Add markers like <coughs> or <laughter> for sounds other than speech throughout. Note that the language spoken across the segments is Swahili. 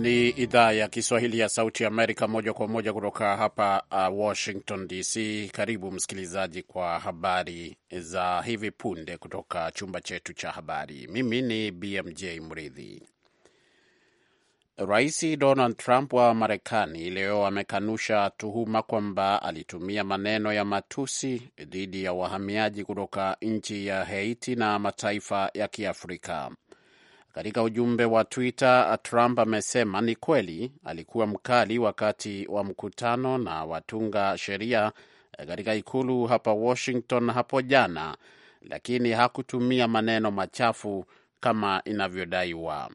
Ni idhaa ya Kiswahili ya Sauti Amerika, moja kwa moja kutoka hapa uh, Washington DC. Karibu msikilizaji kwa habari za hivi punde kutoka chumba chetu cha habari. Mimi ni BMJ Mridhi. Rais Donald Trump wa Marekani leo amekanusha tuhuma kwamba alitumia maneno ya matusi dhidi ya wahamiaji kutoka nchi ya Haiti na mataifa ya Kiafrika. Katika ujumbe wa Twitter, Trump amesema ni kweli alikuwa mkali wakati wa mkutano na watunga sheria eh, katika ikulu hapa Washington hapo jana, lakini hakutumia maneno machafu kama inavyodaiwa.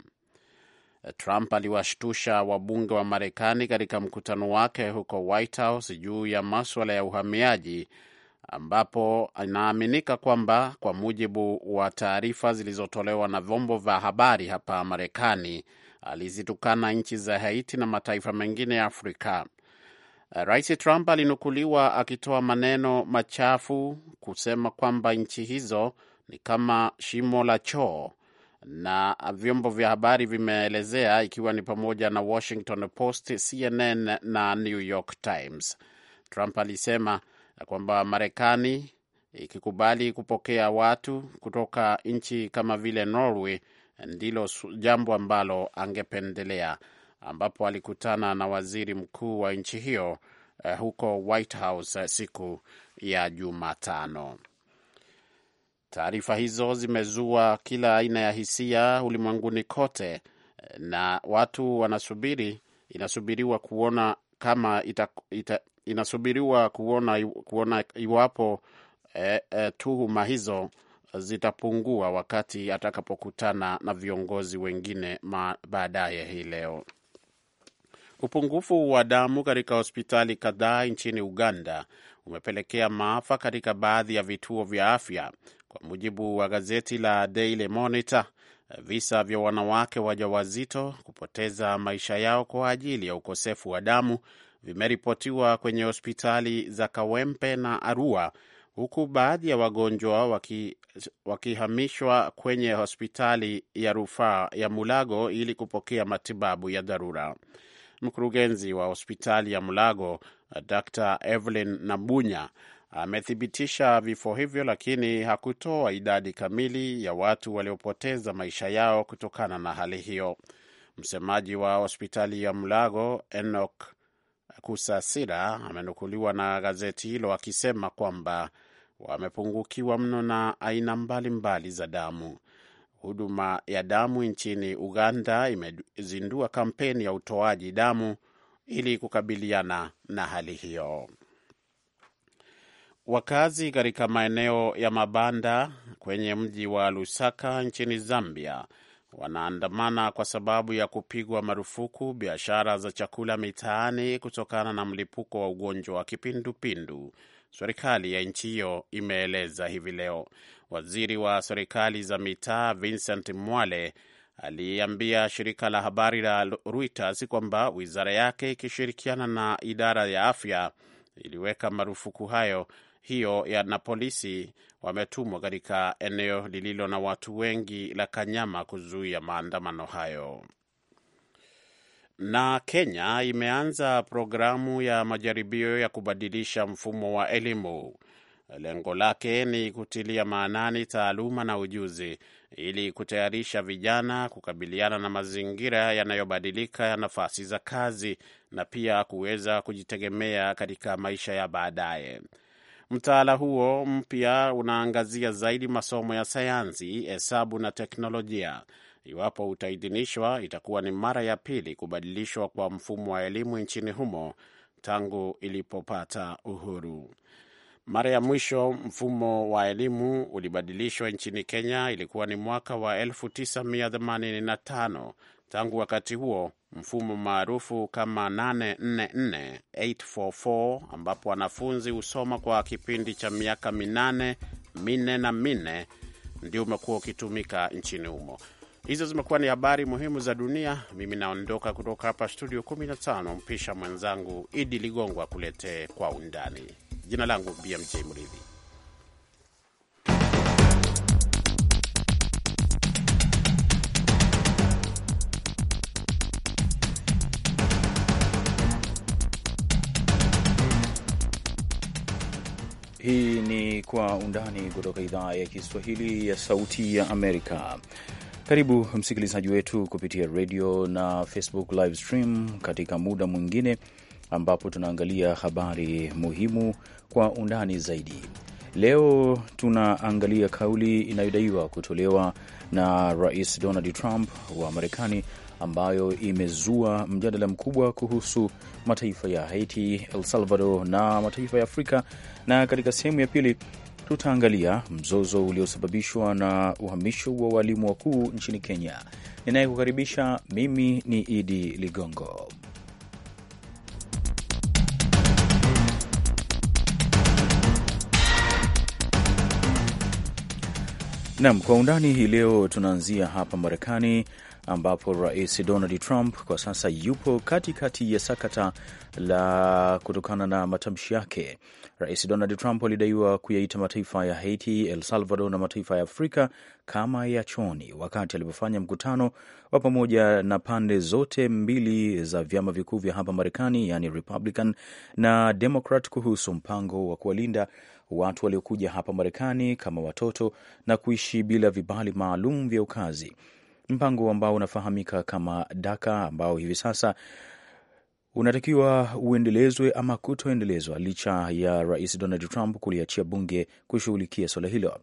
Trump aliwashtusha wabunge wa Marekani katika mkutano wake huko White House juu ya maswala ya uhamiaji ambapo inaaminika kwamba kwa mujibu wa taarifa zilizotolewa na vyombo vya habari hapa Marekani alizitukana nchi za Haiti na mataifa mengine ya Afrika. Rais Trump alinukuliwa akitoa maneno machafu kusema kwamba nchi hizo ni kama shimo la choo, na vyombo vya habari vimeelezea, ikiwa ni pamoja na Washington Post, CNN na New York Times. Trump alisema kwamba Marekani ikikubali kupokea watu kutoka nchi kama vile Norway ndilo jambo ambalo angependelea, ambapo alikutana na waziri mkuu wa nchi hiyo eh, huko White House eh, siku ya Jumatano. Taarifa hizo zimezua kila aina ya hisia ulimwenguni kote, eh, na watu wanasubiri, inasubiriwa kuona kama ita, ita, inasubiriwa kuona, kuona iwapo eh, eh, tuhuma hizo zitapungua wakati atakapokutana na viongozi wengine baadaye hii leo. Upungufu wa damu katika hospitali kadhaa nchini Uganda umepelekea maafa katika baadhi ya vituo vya afya. Kwa mujibu wa gazeti la Daily Monitor, visa vya wanawake wajawazito kupoteza maisha yao kwa ajili ya ukosefu wa damu vimeripotiwa kwenye hospitali za Kawempe na Arua, huku baadhi ya wagonjwa waki, wakihamishwa kwenye hospitali ya rufaa ya Mulago ili kupokea matibabu ya dharura. Mkurugenzi wa hospitali ya Mulago Dr Evelyn Nabunya amethibitisha vifo hivyo, lakini hakutoa idadi kamili ya watu waliopoteza maisha yao kutokana na hali hiyo. Msemaji wa hospitali ya Mulago Enoch Kusasira amenukuliwa na gazeti hilo akisema kwamba wamepungukiwa mno na aina mbalimbali mbali za damu. Huduma ya damu nchini Uganda imezindua kampeni ya utoaji damu ili kukabiliana na hali hiyo. Wakazi katika maeneo ya mabanda kwenye mji wa Lusaka nchini Zambia wanaandamana kwa sababu ya kupigwa marufuku biashara za chakula mitaani kutokana na mlipuko wa ugonjwa wa kipindupindu. Serikali ya nchi hiyo imeeleza hivi leo. Waziri wa serikali za mitaa Vincent Mwale aliambia shirika la habari la Reuters kwamba wizara yake ikishirikiana na idara ya afya iliweka marufuku hayo hiyo ya na polisi wametumwa katika eneo lililo na watu wengi la Kanyama kuzuia maandamano hayo. Na Kenya imeanza programu ya majaribio ya kubadilisha mfumo wa elimu. Lengo lake ni kutilia maanani taaluma na ujuzi ili kutayarisha vijana kukabiliana na mazingira yanayobadilika ya nafasi za kazi na pia kuweza kujitegemea katika maisha ya baadaye. Mtaala huo mpya unaangazia zaidi masomo ya sayansi, hesabu na teknolojia. Iwapo utaidhinishwa, itakuwa ni mara ya pili kubadilishwa kwa mfumo wa elimu nchini humo tangu ilipopata uhuru. Mara ya mwisho mfumo wa elimu ulibadilishwa nchini Kenya ilikuwa ni mwaka wa 1985. Tangu wakati huo mfumo maarufu kama 844 ambapo wanafunzi husoma kwa kipindi cha miaka minane minne na minne ndio umekuwa ukitumika nchini humo. Hizo zimekuwa ni habari muhimu za dunia. Mimi naondoka kutoka hapa studio 15, mpisha mwenzangu Idi Ligongwa akuletee kwa undani. Jina langu BMJ Mridhi. Hii ni Kwa Undani kutoka idhaa ya Kiswahili ya Sauti ya Amerika. Karibu msikilizaji wetu kupitia radio na Facebook live stream katika muda mwingine ambapo tunaangalia habari muhimu kwa undani zaidi. Leo tunaangalia kauli inayodaiwa kutolewa na Rais Donald Trump wa Marekani ambayo imezua mjadala mkubwa kuhusu mataifa ya Haiti, El Salvador na mataifa ya Afrika. Na katika sehemu ya pili tutaangalia mzozo uliosababishwa na uhamisho wa walimu wakuu nchini Kenya. Ninayekukaribisha mimi ni Idi Ligongo. Nam kwa undani hii leo tunaanzia hapa Marekani ambapo Rais Donald Trump kwa sasa yupo katikati kati ya sakata la kutokana na matamshi yake. Rais Donald Trump alidaiwa kuyaita mataifa ya Haiti, El Salvador na mataifa ya Afrika kama ya choni wakati alipofanya mkutano wa pamoja na pande zote mbili za vyama vikuu vya hapa Marekani, yani Republican na Democrat, kuhusu mpango wa kuwalinda watu waliokuja hapa Marekani kama watoto na kuishi bila vibali maalum vya ukazi mpango ambao unafahamika kama Daka ambao hivi sasa unatakiwa uendelezwe ama kutoendelezwa licha ya rais Donald Trump kuliachia bunge kushughulikia swala hilo.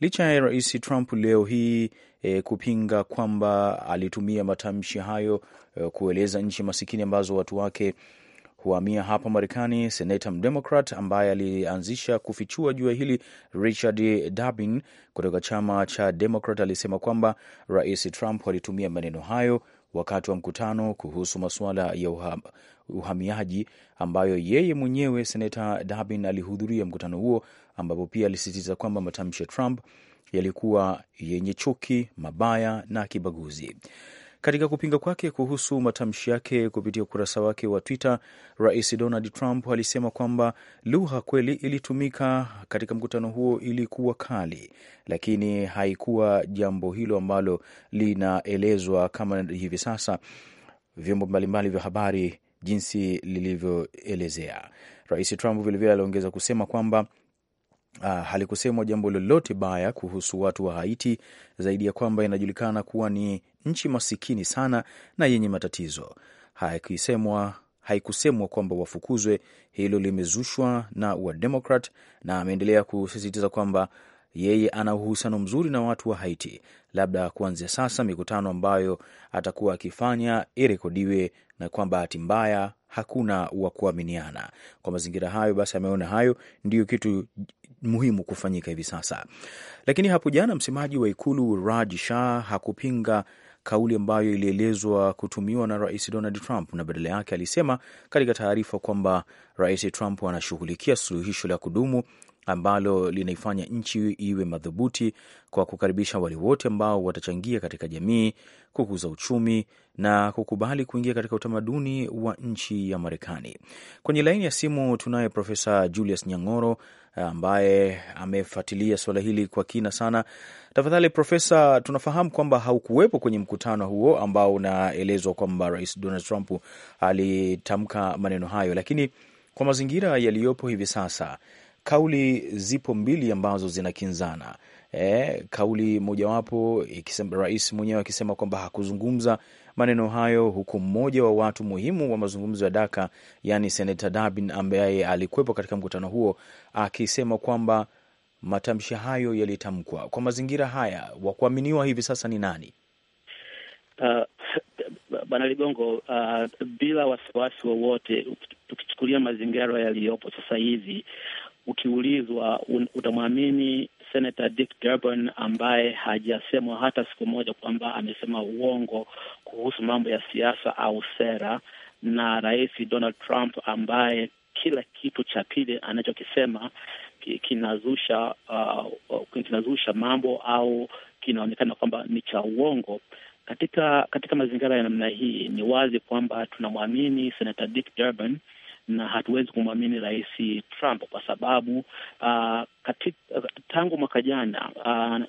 Licha ya rais Trump leo hii e, kupinga kwamba alitumia matamshi hayo e, kueleza nchi masikini ambazo watu wake kuhamia hapa Marekani, senata mdemokrat ambaye alianzisha kufichua jua hili Richard Durbin kutoka chama cha Demokrat alisema kwamba Rais Trump alitumia maneno hayo wakati wa mkutano kuhusu masuala ya uham, uhamiaji ambayo yeye mwenyewe senata Durbin alihudhuria mkutano huo, ambapo pia alisisitiza kwamba matamshi ya Trump yalikuwa yenye chuki, mabaya na kibaguzi. Katika kupinga kwake kuhusu matamshi yake kupitia ukurasa wake wa Twitter, Rais Donald Trump alisema kwamba lugha kweli ilitumika katika mkutano huo ilikuwa kali, lakini haikuwa jambo hilo ambalo linaelezwa kama hivi sasa vyombo mbalimbali vya habari jinsi lilivyoelezea. Rais Trump vilevile aliongeza kusema kwamba Uh, halikusemwa jambo lolote baya kuhusu watu wa Haiti zaidi ya kwamba inajulikana kuwa ni nchi masikini sana na yenye matatizo. Haikusemwa haikusemwa kwamba wafukuzwe. Hilo limezushwa na Wademokrat, na ameendelea kusisitiza kwamba yeye ana uhusiano mzuri na watu wa Haiti. Labda kuanzia sasa mikutano ambayo atakuwa akifanya irekodiwe, na kwa bahati mbaya hakuna wa kuaminiana. Kwa mazingira hayo, basi ameona hayo ndiyo kitu muhimu kufanyika hivi sasa. Lakini hapo jana msemaji wa ikulu Raj Shah hakupinga kauli ambayo ilielezwa kutumiwa na Rais Donald Trump na badala yake alisema katika taarifa kwamba Rais Trump anashughulikia suluhisho la kudumu ambalo linaifanya nchi iwe madhubuti kwa kukaribisha wale wote ambao watachangia katika jamii, kukuza uchumi na kukubali kuingia katika utamaduni wa nchi ya Marekani. Kwenye laini ya simu tunaye Profesa Julius Nyang'oro ambaye amefuatilia suala hili kwa kina sana. Tafadhali Profesa, tunafahamu kwamba haukuwepo kwenye mkutano huo ambao unaelezwa kwamba Rais Donald Trump alitamka maneno hayo, lakini kwa mazingira yaliyopo hivi sasa kauli zipo mbili ambazo zinakinzana. E, kauli mojawapo ikisema, rais mwenyewe akisema kwamba hakuzungumza maneno hayo, huku mmoja wa watu muhimu wa mazungumzo ya Daka, yani senata Dabin ambaye alikuwepo katika mkutano huo akisema kwamba matamshi hayo yalitamkwa kwa mazingira haya. Wa kuaminiwa hivi sasa ni nani? Uh, Bwana Ligongo, uh, bila wasiwasi wowote, tukichukulia mazingira yaliyopo sasa hivi ukiulizwa utamwamini Senator Dick Durban ambaye hajasemwa hata siku moja kwamba amesema uongo kuhusu mambo ya siasa au sera, na Rais Donald Trump ambaye kila kitu cha pili anachokisema kinazusha uh, uh, kinazusha mambo au kinaonekana kwamba ni cha uongo. Katika katika mazingira ya namna hii, ni wazi kwamba tunamwamini Senator Dick Durban na hatuwezi kumwamini Rais Trump kwa sababu uh, uh, tangu mwaka jana uh,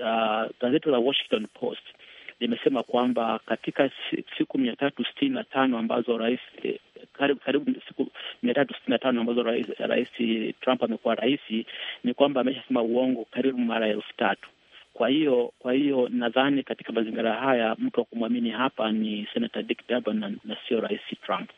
uh, gazeti la Washington Post limesema kwamba katika siku mia tatu sitini na tano ambazo rais karibu, karibu siku mia tatu sitini na tano ambazo rais, rais Trump amekuwa rais ni kwamba ameshasema uongo karibu mara elfu tatu. Kwa hiyo kwa hiyo nadhani katika mazingira haya mtu wa kumwamini hapa ni Senator Dick Durbin na, na sio Rais Trump.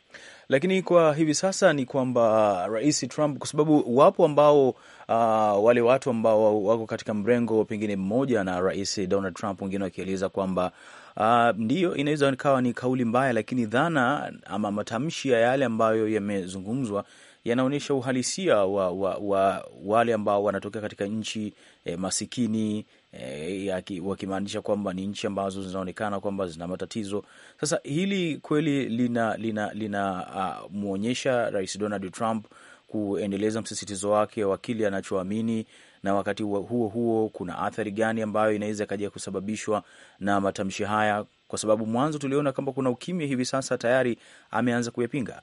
Lakini kwa hivi sasa ni kwamba Rais Trump, kwa sababu wapo ambao uh, wale watu ambao wako katika mrengo pengine mmoja na Rais Donald Trump, wengine wakieleza kwamba uh, ndiyo inaweza ikawa ni kauli mbaya, lakini dhana ama matamshi ya yale ambayo yamezungumzwa yanaonyesha uhalisia wa, wa, wa wale ambao wanatokea katika nchi eh, masikini e, wakimaanisha kwamba ni nchi ambazo zinaonekana kwamba zina matatizo. Sasa hili kweli lina, lina, lina uh, Rais Donald Trump kuendeleza msisitizo wake wa kile anachoamini na wakati huo huo kuna athari gani ambayo inaweza ikaja kusababishwa na matamshi haya, kwa sababu mwanzo tuliona kwamba kuna ukimya hivi sasa tayari ameanza kuyapinga.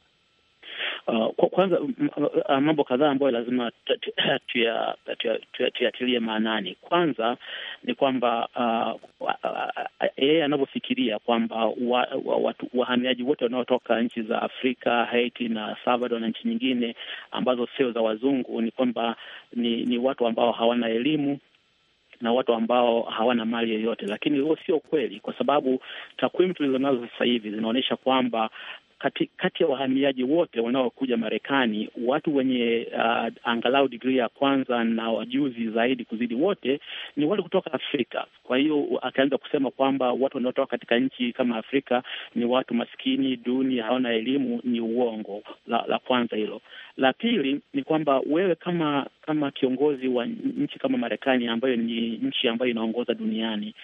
Uh, kwa kwanza uh, mambo kadhaa ambayo lazima <coughs> tuyatilie maanani. Kwanza ni kwamba uh, yeye anavyofikiria kwamba wahamiaji wote wanaotoka nchi za Afrika, Haiti na Salvador na nchi nyingine ambazo sio za wazungu ni kwamba ni, ni watu ambao hawana elimu na watu ambao hawana mali yoyote, lakini huo sio kweli, kwa sababu takwimu tulizonazo sasa hivi zinaonyesha kwamba kati, kati ya wahamiaji wote wanaokuja Marekani, watu wenye uh, angalau digrii ya kwanza na wajuzi zaidi kuzidi wote ni wale kutoka Afrika. Kwa hiyo akaanza kusema kwamba watu wanaotoka katika nchi kama Afrika ni watu maskini, duni, hawana elimu. Ni uongo. La, la kwanza hilo. La pili ni kwamba wewe kama kama kiongozi wa nchi kama Marekani ambayo ni nchi ambayo inaongoza duniani,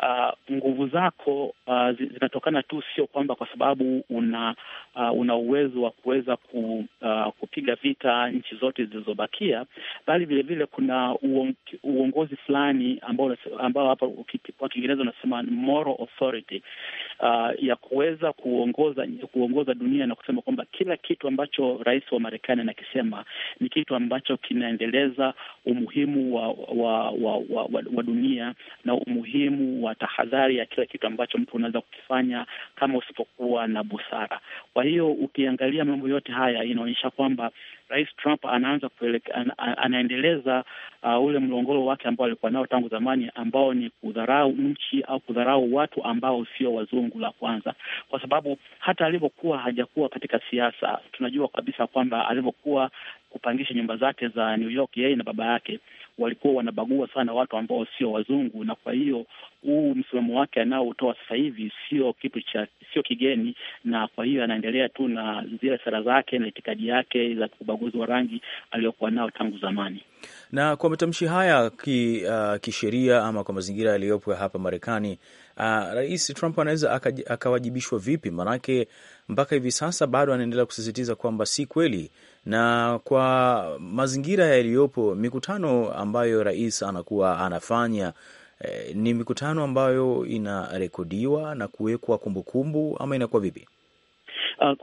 uh, nguvu zako uh, zinatokana tu, sio kwamba kwa sababu una uh, una uwezo wa kuweza ku, uh, kupiga vita nchi zote zilizobakia, bali vilevile kuna uongozi fulani ambao ambao hapa kwa Kiingereza unasema moral authority uh, ya kuweza kuongoza kuongoza dunia na kusema kwamba kila kitu ambacho rais wa Marekani anakisema ni kitu ambacho kinaendelea kueleza umuhimu wa wa, wa, wa, wa wa dunia na umuhimu wa tahadhari ya kila kitu ambacho mtu unaweza kukifanya kama usipokuwa na busara. Kwa hiyo ukiangalia mambo yote haya inaonyesha kwamba Rais Trump anaanza kueleka, an, anaendeleza uh, ule mlongolo wake ambao alikuwa nao tangu zamani ambao ni kudharau nchi au kudharau watu ambao sio wazungu, la kwanza, kwa sababu hata alivyokuwa hajakuwa katika siasa tunajua kabisa kwamba alivyokuwa kupangisha nyumba zake za New York, yeye na baba yake walikuwa wanabagua sana watu ambao sio wazungu, na kwa hiyo huu msimamo wake anaotoa sasa hivi sio kitu cha sio kigeni, na kwa hiyo anaendelea tu na zile sera zake na itikadi yake za ubaguzi wa rangi aliyokuwa nao tangu zamani. Na kwa matamshi haya ki, uh, kisheria ama kwa mazingira yaliyopo hapa Marekani uh, Rais Trump anaweza akawajibishwa vipi? Maanake mpaka hivi sasa bado anaendelea kusisitiza kwamba si kweli, na kwa mazingira yaliyopo, mikutano ambayo rais anakuwa anafanya eh, ni mikutano ambayo inarekodiwa na kuwekwa kumbukumbu ama inakuwa vipi? uh,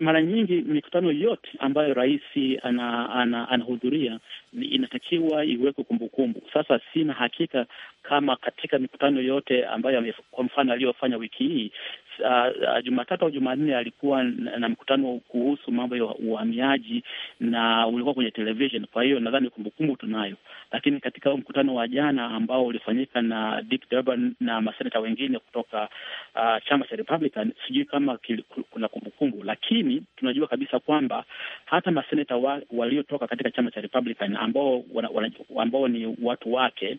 mara, nyingi mikutano yote ambayo rais anahudhuria ana, ana inatakiwa iwekwe kumbukumbu. Sasa sina hakika kama katika mikutano yote ambayo kwa mfano aliyofanya wiki hii Uh, uh, Jumatatu au Jumanne alikuwa na mkutano kuhusu mambo ya uhamiaji na ulikuwa kwenye television, kwa hiyo nadhani kumbukumbu tunayo. Lakini katika mkutano wa jana ambao ulifanyika na Dick Durban na maseneta wengine kutoka uh, chama cha Republican, sijui kama kuna kumbukumbu, lakini tunajua kabisa kwamba hata maseneta wa, waliotoka katika chama cha Republican ambao, wana, wana, ambao ni watu wake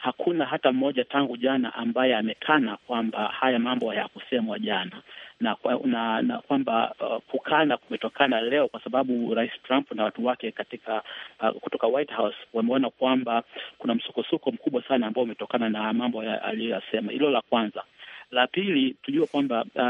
hakuna hata mmoja tangu jana ambaye amekana kwamba haya mambo hayakusemwa jana na, na, na kwamba uh, kukana kumetokana leo kwa sababu Rais Trump na watu wake katika uh, kutoka White House wameona kwamba kuna msukosuko mkubwa sana ambao umetokana na mambo aliyoyasema. Hilo la kwanza. La pili, tujue kwamba uh,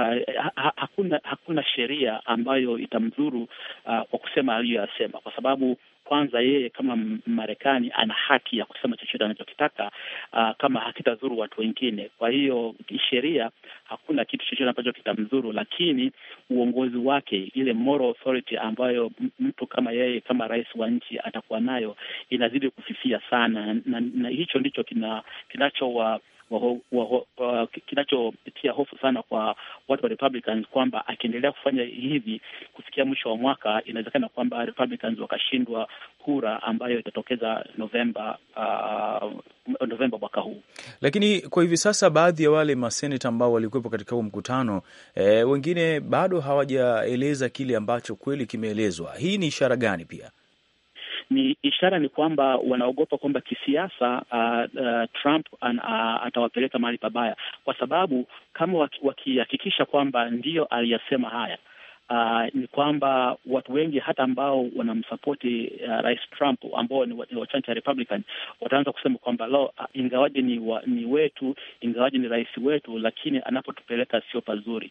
ha hakuna hakuna sheria ambayo itamdhuru uh, kwa kusema aliyoyasema, kwa sababu kwanza yeye kama Marekani ana haki ya kusema chochote anachokitaka, uh, kama hakitadhuru watu wengine. Kwa hiyo kisheria hakuna kitu chochote ambacho kitamdhuru, lakini uongozi wake, ile moral authority ambayo mtu kama yeye kama rais wa nchi atakuwa nayo inazidi kufifia sana, na, na hicho ndicho kina, kinacho kinachotia hofu sana kwa watu wa Republicans kwamba akiendelea kufanya hivi kufikia mwisho wa mwaka, inawezekana kwamba Republicans wakashindwa kura ambayo itatokeza Novemba uh, Novemba mwaka huu. Lakini kwa hivi sasa baadhi ya wale maseneta ambao walikuwepo katika huo mkutano e, wengine bado hawajaeleza kile ambacho kweli kimeelezwa. Hii ni ishara gani pia ni ishara ni kwamba wanaogopa kwamba kisiasa uh, uh, Trump an, uh, atawapeleka mahali pabaya, kwa sababu kama wakihakikisha waki kwamba ndiyo aliyasema haya uh, ni kwamba watu wengi hata ambao wanamsapoti uh, ah, Rais Trump ambao ni wachache wa Republican wataanza kusema kwamba lo, ah, ingawaje ni, wa, ni wetu, ingawaje ni rais wetu, lakini anapotupeleka sio pazuri.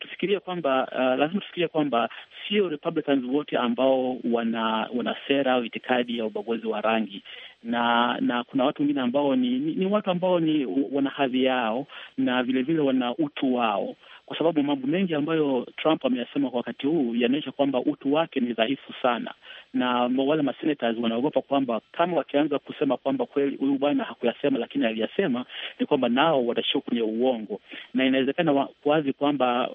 Tufikirie kwamba uh, lazima tufikirie kwamba sio Republicans wote ambao wana wana sera au itikadi ya ubaguzi wa rangi na na kuna watu wengine ambao ni, ni, ni watu ambao ni wana hadhi yao na vilevile vile wana utu wao kwa sababu mambo mengi ambayo Trump ameyasema kwa wakati huu yanaonyesha kwamba utu wake ni dhaifu sana, na wale masenators wanaogopa kwamba kama wakianza kusema kwamba kweli huyu bwana hakuyasema lakini aliyasema, ni kwamba nao watashia kwenye uongo, na inawezekana wazi kwamba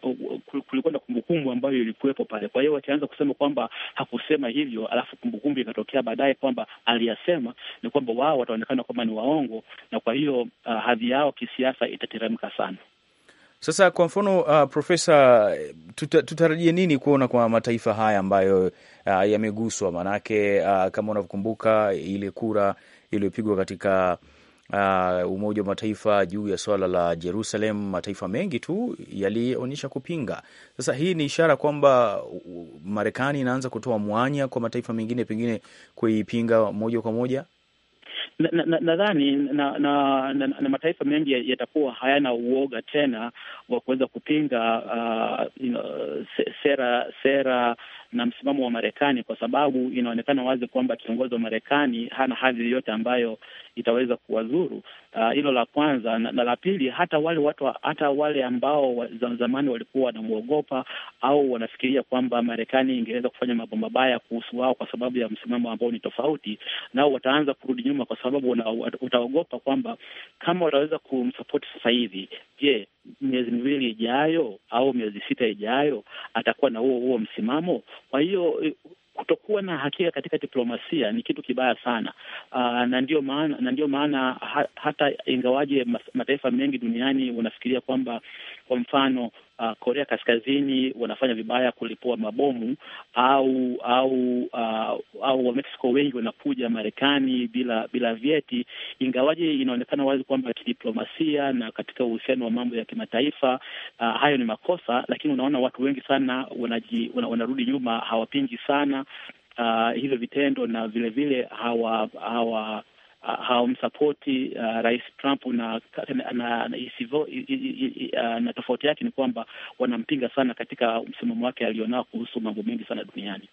kulikuwa na kumbukumbu ambayo ilikuwepo pale. Kwa hiyo wakianza kusema kwamba hakusema hivyo, alafu kumbukumbu ikatokea baadaye kwamba aliyasema, ni kwamba wao wataonekana kwamba ni waongo, na kwa hiyo uh, hadhi yao kisiasa itateremka sana. Sasa kwa mfano uh, profesa, tuta, tutarajie nini kuona kwa mataifa haya ambayo uh, yameguswa? Maanake uh, kama unavyokumbuka ile kura iliyopigwa katika uh, Umoja wa Mataifa juu ya swala la Jerusalem, mataifa mengi tu yalionyesha kupinga. Sasa hii ni ishara kwamba Marekani inaanza kutoa mwanya kwa mataifa mengine pengine kuipinga moja kwa moja nadhani na, na, na, na, na mataifa mengi yatakuwa hayana uoga tena wa kuweza kupinga uh, you know, sera sera na msimamo wa Marekani, kwa sababu inaonekana wazi kwamba kiongozi wa Marekani hana hadhi yoyote ambayo itaweza kuwazuru. Ah, hilo uh, la kwanza na, na la pili, hata wale watu hata wale ambao wa, zamani walikuwa wanamwogopa au wanafikiria kwamba Marekani ingeweza kufanya mambo mabaya kuhusu wao kwa sababu ya msimamo ambao ni tofauti, nao wataanza kurudi nyuma, kwa sababu utaogopa kwamba kama wataweza kumsapoti sasa hivi, je, miezi miwili ijayo au miezi sita ijayo atakuwa na huo huo msimamo. Kwa hiyo eh, kutokuwa na hakika katika diplomasia ni kitu kibaya sana. Ah, na ndio maana na ndio maana ha, hata ingawaje mataifa mengi duniani unafikiria kwamba kwa mfano uh, Korea Kaskazini wanafanya vibaya kulipua mabomu au au uh, au Wamexico wengi wanakuja Marekani bila bila vyeti, ingawaje inaonekana wazi kwamba kidiplomasia na katika uhusiano wa mambo ya kimataifa uh, hayo ni makosa, lakini unaona watu wengi sana wanaji, wana, wanarudi nyuma, hawapingi sana uh, hivyo vitendo na vilevile hawa hawa Uh, hawamsapoti uh, Rais Trump na, na, na, na, e isivo, i, i, i, uh, na tofauti yake ni kwamba wanampinga sana katika msimamo wake alionao kuhusu mambo mengi sana duniani.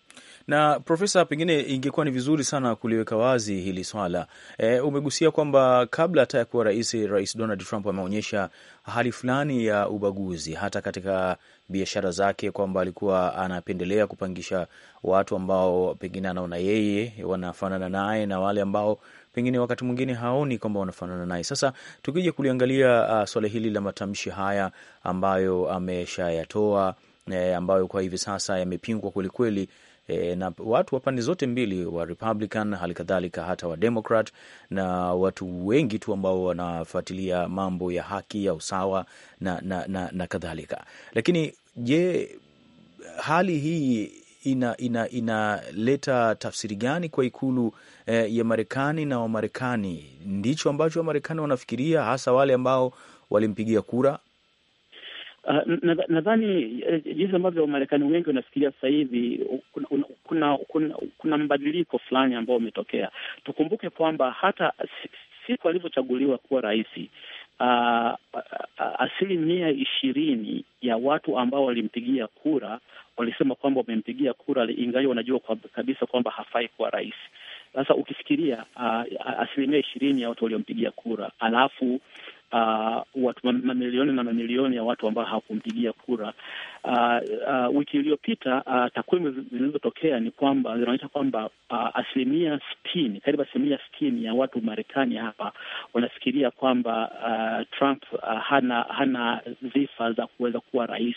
Na Profesa, pengine ingekuwa ni vizuri sana kuliweka wazi hili swala e, umegusia kwamba kabla hata ya kuwa rais, Rais Donald Trump ameonyesha hali fulani ya ubaguzi hata katika biashara zake, kwamba alikuwa anapendelea kupangisha watu ambao pengine anaona yeye wanafanana naye na wale ambao pengine wakati mwingine haoni kwamba wanafanana naye. Sasa tukija kuliangalia uh, swala hili la matamshi haya ambayo ameshayatoa eh, ambayo kwa hivi sasa yamepingwa kwelikweli eh, na watu wa pande zote mbili, wa Republican halikadhalika hata wa Democrat na watu wengi tu ambao wanafuatilia mambo ya haki ya usawa na, na, na, na kadhalika. Lakini je, hali hii inaleta ina, ina tafsiri gani kwa ikulu eh, ya Marekani na Wamarekani? Ndicho ambacho Wamarekani wanafikiria hasa wale ambao walimpigia kura. Uh, nadhani na eh, jinsi ambavyo Wamarekani wengi wanafikiria sasa hivi kuna, kuna, kuna, kuna mbadiliko fulani ambao umetokea. Tukumbuke kwamba hata siku alivyochaguliwa kuwa rais Uh, asilimia ishirini ya watu ambao walimpigia kura walisema kwamba wamempigia kura ingawa wanajua kwa kabisa kwamba hafai kuwa rais. Sasa ukifikiria uh, asilimia ishirini ya watu waliompigia kura alafu uh, watu mamilioni na mamilioni ya watu ambao hawakumpigia kura. Uh, uh, wiki iliyopita uh, takwimu zilizotokea ni kwamba zinaonyesha kwamba uh, asilimia sitini, karibu asilimia sitini ya watu Marekani hapa wanafikiria kwamba uh, Trump uh, hana hana sifa za kuweza kuwa rais,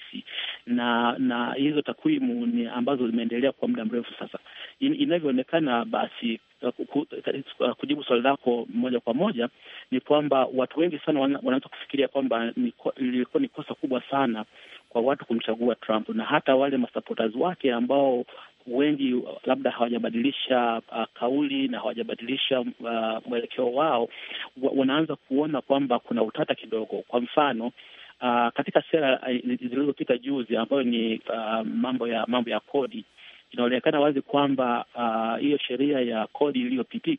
na na hizo takwimu ni ambazo zimeendelea kwa muda mrefu sasa. In, inavyoonekana basi Uh, kujibu swali lako moja kwa moja ni kwamba watu wengi sana wanaweza kufikiria kwamba ilikuwa ni kosa kubwa sana kwa watu kumchagua Trump na hata wale masupporters wake ambao wengi labda hawajabadilisha uh, kauli na hawajabadilisha uh, mwelekeo wao, wanaanza kuona kwamba kuna utata kidogo. Kwa mfano uh, katika sera uh, zilizopita juzi ambayo ni uh, mambo ya mambo ya kodi inaonekana wazi kwamba uh, hiyo uh, sheria ya kodi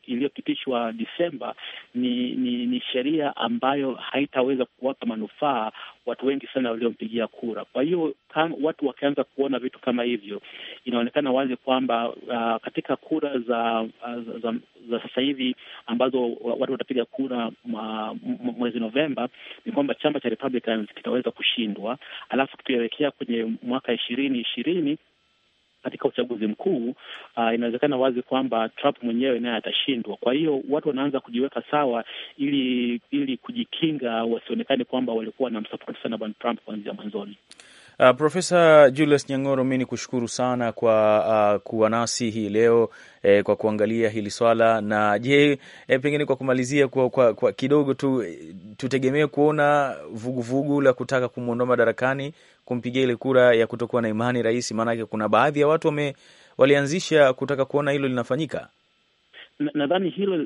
iliyopitishwa Desemba ni, ni, ni sheria ambayo haitaweza kuwapa manufaa watu wengi sana waliompigia kura. Kwa hiyo watu wakianza kuona vitu kama hivyo, inaonekana wazi kwamba uh, katika kura za, uh, za, za sasa hivi ambazo watu watapiga kura mwezi Novemba, ni kwamba chama cha Republicans kitaweza kushindwa, alafu kituelekea kwenye mwaka ishirini ishirini katika uchaguzi mkuu uh, inawezekana wazi kwamba Trump mwenyewe naye atashindwa. Kwa hiyo watu wanaanza kujiweka sawa ili ili kujikinga wasionekane kwamba walikuwa na msapoti sana bwana Trump kuanzia mwanzoni. Uh, Profesa Julius Nyang'oro, mi ni kushukuru sana kwa uh, kuwa nasi hii leo eh, kwa kuangalia hili swala na je, eh, pengine kwa kumalizia kwa, kwa, kwa kidogo tu eh, tutegemee kuona vuguvugu vugu la kutaka kumwondoa madarakani kumpigia ile kura ya kutokuwa na imani rais? Maanake kuna baadhi ya watu wame, walianzisha kutaka kuona hilo linafanyika nadhani hilo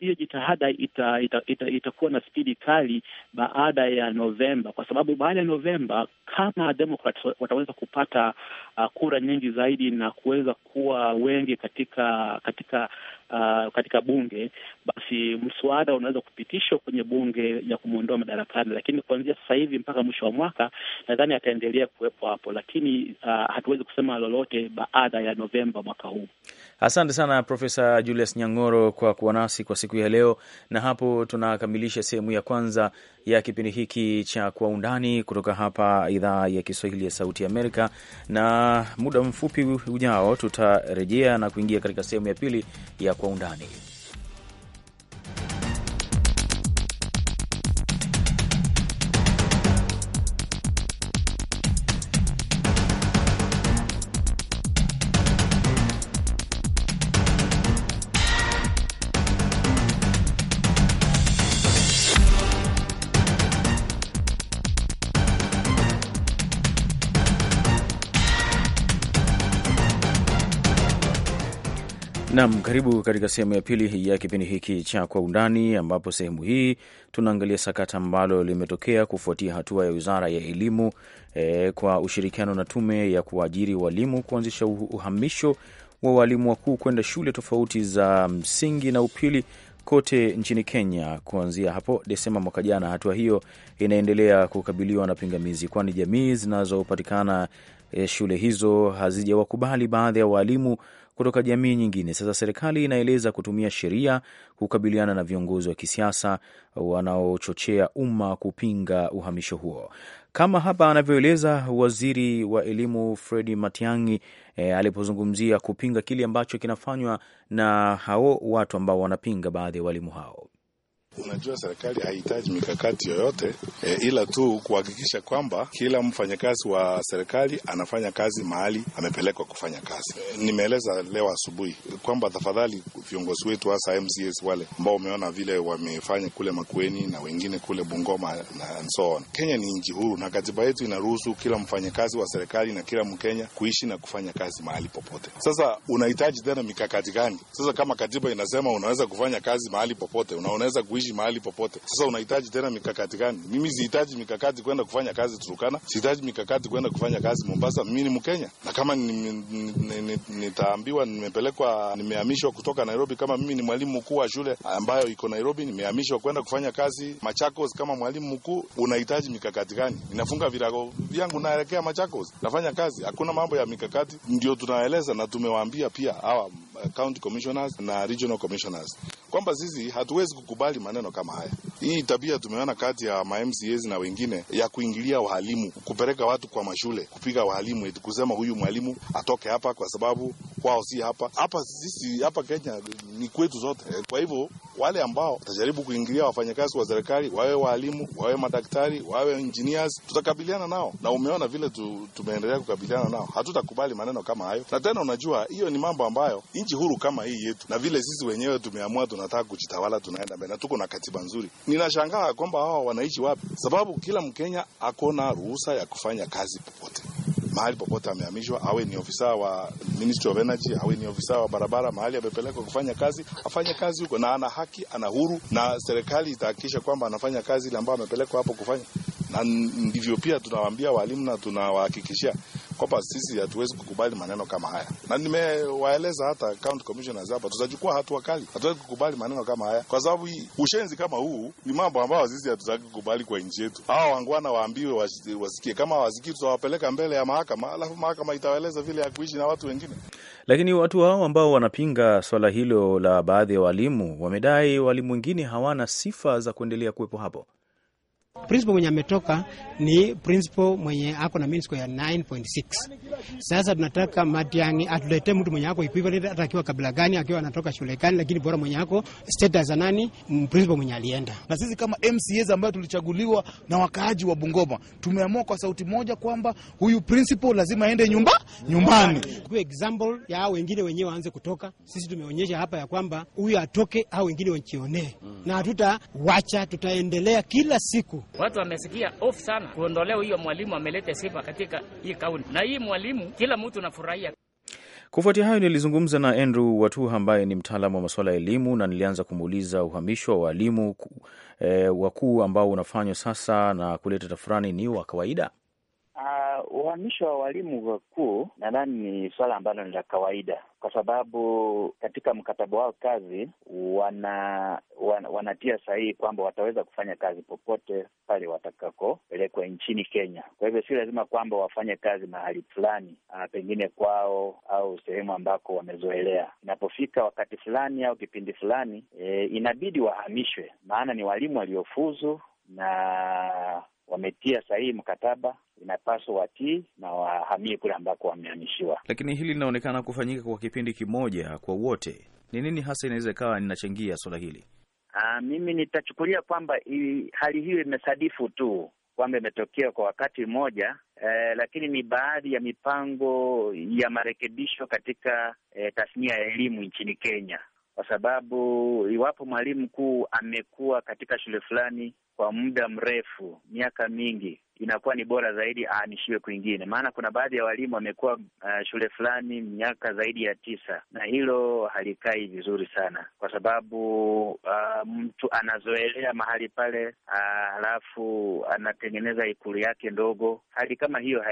hiyo jitihada itakuwa ita, ita, ita na spidi kali baada ya Novemba, kwa sababu baada ya Novemba kama demokrat wataweza kupata uh, kura nyingi zaidi na kuweza kuwa wengi katika katika uh, katika bunge, basi mswada unaweza kupitishwa kwenye bunge ya kumwondoa madarakani, lakini kuanzia sasa hivi mpaka mwisho wa mwaka nadhani ataendelea kuwepo hapo, lakini uh, hatuwezi kusema lolote baada ya Novemba mwaka huu. Asante sana Profesa Julius Nyang'oro kwa kuwa nasi kwa siku ya leo, na hapo tunakamilisha sehemu ya kwanza ya kipindi hiki cha Kwa Undani kutoka hapa idhaa ya Kiswahili ya Sauti Amerika, na muda mfupi ujao tutarejea na kuingia katika sehemu ya pili ya 攻占你。Nam, karibu katika sehemu ya pili ya kipindi hiki cha Kwa Undani, ambapo sehemu hii tunaangalia sakata ambalo limetokea kufuatia hatua ya wizara ya elimu e, kwa ushirikiano na tume ya kuajiri walimu kuanzisha uhamisho wa walimu wakuu kwenda shule tofauti za msingi na upili kote nchini Kenya kuanzia hapo Desemba mwaka jana. Hatua hiyo inaendelea kukabiliwa na pingamizi, kwani jamii zinazopatikana e, shule hizo hazijawakubali baadhi ya waalimu kutoka jamii nyingine. Sasa serikali inaeleza kutumia sheria kukabiliana na viongozi wa kisiasa wanaochochea umma kupinga uhamisho huo, kama hapa anavyoeleza waziri wa elimu Fredi Matiang'i e, alipozungumzia kupinga kile ambacho kinafanywa na hao watu ambao wanapinga baadhi ya waalimu hao. Unajua, serikali haihitaji mikakati yoyote e, ila tu kuhakikisha kwamba kila mfanyakazi wa serikali anafanya kazi mahali amepelekwa kufanya kazi. E, nimeeleza leo asubuhi kwamba tafadhali viongozi wetu hasa mcs wale ambao umeona vile wamefanya kule Makueni na wengine kule Bungoma na so on. Kenya ni nchi huru na katiba yetu inaruhusu kila mfanyakazi wa serikali na kila Mkenya kuishi na kufanya kazi mahali popote. Sasa unahitaji tena mikakati gani? Sasa kama katiba inasema unaweza kufanya kazi mahali popote, unaweza kuishi kuishi mahali popote. Sasa unahitaji tena mikakati gani? Mimi sihitaji mikakati kwenda kufanya kazi Turukana, sihitaji mikakati kwenda kufanya kazi Mombasa. Mimi ni Mkenya, na kama nitaambiwa nimepelekwa, nimehamishwa kutoka Nairobi, kama mimi ni mwalimu mkuu wa shule ambayo iko Nairobi, nimehamishwa kwenda kufanya kazi Machakos kama mwalimu mkuu, unahitaji mikakati gani? Ninafunga virago vyangu naelekea Machakos, nafanya kazi. Hakuna mambo ya mikakati, ndio tunaeleza na tumewaambia pia hawa uh, county commissioners na regional commissioners kwamba sisi hatuwezi kukubali maneno kama haya. Hii tabia tumeona kati ya mamcas na wengine ya kuingilia walimu kupeleka watu kwa mashule kupiga walimu eti kusema huyu mwalimu atoke hapa kwa sababu kwao si hapa hapa. Sisi hapa Kenya ni kwetu zote. Kwa hivyo wale ambao watajaribu kuingilia wafanyakazi wa serikali, wawe waalimu, wawe madaktari, wawe engineers, tutakabiliana nao, na umeona vile tu, tumeendelea kukabiliana nao. Hatutakubali maneno kama hayo, na tena unajua hiyo ni mambo ambayo nchi huru kama hii yetu na vile sisi wenyewe tumeamua tunataka kujitawala, tunaenda mbele na tuko na katiba nzuri Ninashangaa kwamba hawa wanaishi wapi, sababu kila Mkenya akona ruhusa ya kufanya kazi popote mahali popote amehamishwa, awe ni ofisa wa Ministry of Energy, awe ni ofisa wa barabara, mahali amepelekwa kufanya kazi, afanye kazi huko, na ana haki, ana huru, na serikali itahakikisha kwamba anafanya kazi ile ambayo amepelekwa hapo kufanya. Na ndivyo pia tunawaambia walimu na tunawahakikishia kwamba sisi hatuwezi kukubali maneno kama haya, na nimewaeleza hata county commissioners hapa, tutachukua hatua kali. Hatuwezi kukubali maneno kama haya, kwa sababu ushenzi kama huu ni mambo ambayo sisi hatutaki kukubali kwa nchi yetu. Hawa wangwana waambiwe, wasikie. Kama wasikie tutawapeleka mbele ya mahakama, alafu mahakama itawaeleza vile ya kuishi na watu wengine. Lakini watu hao ambao wanapinga swala hilo la baadhi ya walimu wamedai walimu wengine hawana sifa za kuendelea kuwepo hapo. Principal mwenye ametoka ni principal mwenye ako na mean score ya 9.6. Sasa tunataka Matiang'i atulete mtu mwenye ako equivalent, hata akiwa kabila gani, akiwa anatoka shule gani, lakini bora mwenye ako status za nani, principal mwenye alienda. Na sisi kama MCAs ambayo tulichaguliwa na wakaaji wa Bungoma, tumeamua kwa sauti moja kwamba huyu principal lazima aende nyumba nyumbani. Kwa example ya wengine wenyewe waanze kutoka, sisi tumeonyesha hapa ya kwamba huyu atoke au wengine wachionee, mm. na hatutawacha, tutaendelea kila siku Watu wamesikia off sana kuondolewa hiyo mwalimu amelete sifa katika hii kaunti, na hii mwalimu kila mtu nafurahia. Kufuatia hayo nilizungumza na Andrew Watuha ambaye ni mtaalamu wa masuala ya elimu, na nilianza kumuuliza uhamisho wa walimu e, wakuu ambao unafanywa sasa na kuleta tafurani ni wa kawaida. Uh, uhamisho uh, wa walimu wakuu nadhani ni suala ambalo ni la kawaida, kwa sababu katika mkataba wao kazi wana, wana wanatia sahihi kwamba wataweza kufanya kazi popote pale watakakopelekwa nchini Kenya. Kwa hivyo si lazima kwamba wafanye kazi mahali fulani, uh, pengine kwao au sehemu ambako wamezoelea. Inapofika wakati fulani au kipindi fulani, e, inabidi wahamishwe, maana ni walimu waliofuzu na wametia sahihi mkataba, inapaswa watii na wahamie kule ambako wamehamishiwa. Lakini hili linaonekana kufanyika kwa kipindi kimoja kwa wote. Ni nini hasa inaweza ikawa inachangia suala hili? Aa, ah, mimi nitachukulia kwamba hali hiyo imesadifu tu kwamba imetokea kwa wakati mmoja eh, lakini ni baadhi ya mipango ya marekebisho katika eh, tasnia ya elimu nchini Kenya kwa sababu iwapo mwalimu mkuu amekuwa katika shule fulani kwa muda mrefu, miaka mingi, inakuwa ni bora zaidi ahamishiwe kwingine, maana kuna baadhi ya walimu wamekuwa uh, shule fulani miaka zaidi ya tisa, na hilo halikai vizuri sana, kwa sababu uh, mtu anazoelea mahali pale ah, halafu uh, anatengeneza ikulu yake ndogo. Hali kama hiyo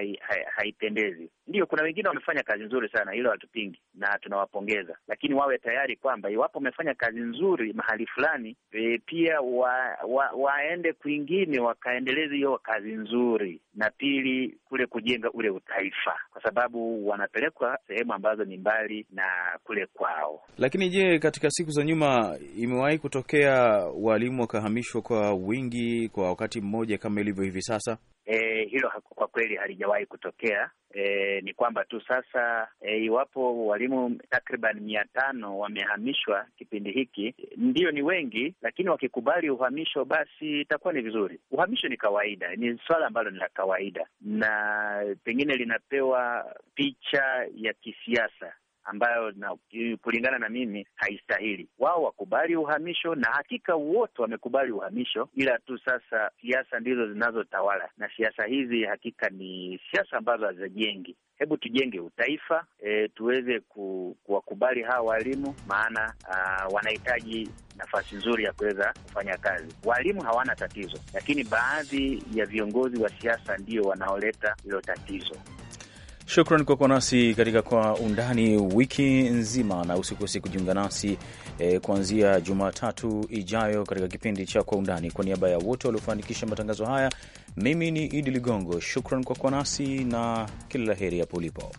haipendezi hai, hai. Ndio, kuna wengine wamefanya kazi nzuri sana, hilo hatupingi na tunawapongeza, lakini wawe tayari kwamba iwapo wamefanya kazi nzuri mahali fulani e, pia wa, wa, waende kwingine wakaendeleze hiyo kazi nzuri nzuri, na pili kule kujenga ule utaifa, kwa sababu wanapelekwa sehemu ambazo ni mbali na kule kwao. Lakini je, katika siku za nyuma imewahi kutokea walimu wakahamishwa kwa wingi kwa wakati mmoja kama ilivyo hivi sasa? E, hilo kwa kweli halijawahi kutokea. E, ni kwamba tu sasa e, iwapo walimu takriban mia tano wamehamishwa kipindi hiki, ndio ni wengi, lakini wakikubali uhamisho basi itakuwa ni vizuri. Uhamisho ni kawaida, ni swala ambalo ni la kawaida na pengine linapewa picha ya kisiasa ambayo na, kulingana na mimi haistahili. Wao wakubali uhamisho, na hakika wote wamekubali uhamisho, ila tu sasa siasa ndizo zinazotawala, na siasa hizi hakika ni siasa ambazo hazijengi. Hebu tujenge utaifa e, tuweze ku, kuwakubali hawa walimu, maana wanahitaji nafasi nzuri ya kuweza kufanya kazi. Walimu hawana tatizo, lakini baadhi ya viongozi wa siasa ndio wanaoleta hilo tatizo. Shukran kwa kuwa nasi katika Kwa Undani wiki nzima, na usikose kujiunga nasi e, kuanzia Jumatatu ijayo katika kipindi cha Kwa Undani. Kwa niaba ya wote waliofanikisha matangazo haya, mimi ni Idi Ligongo. Shukran kwa kuwa nasi na kila la heri hapo ulipo.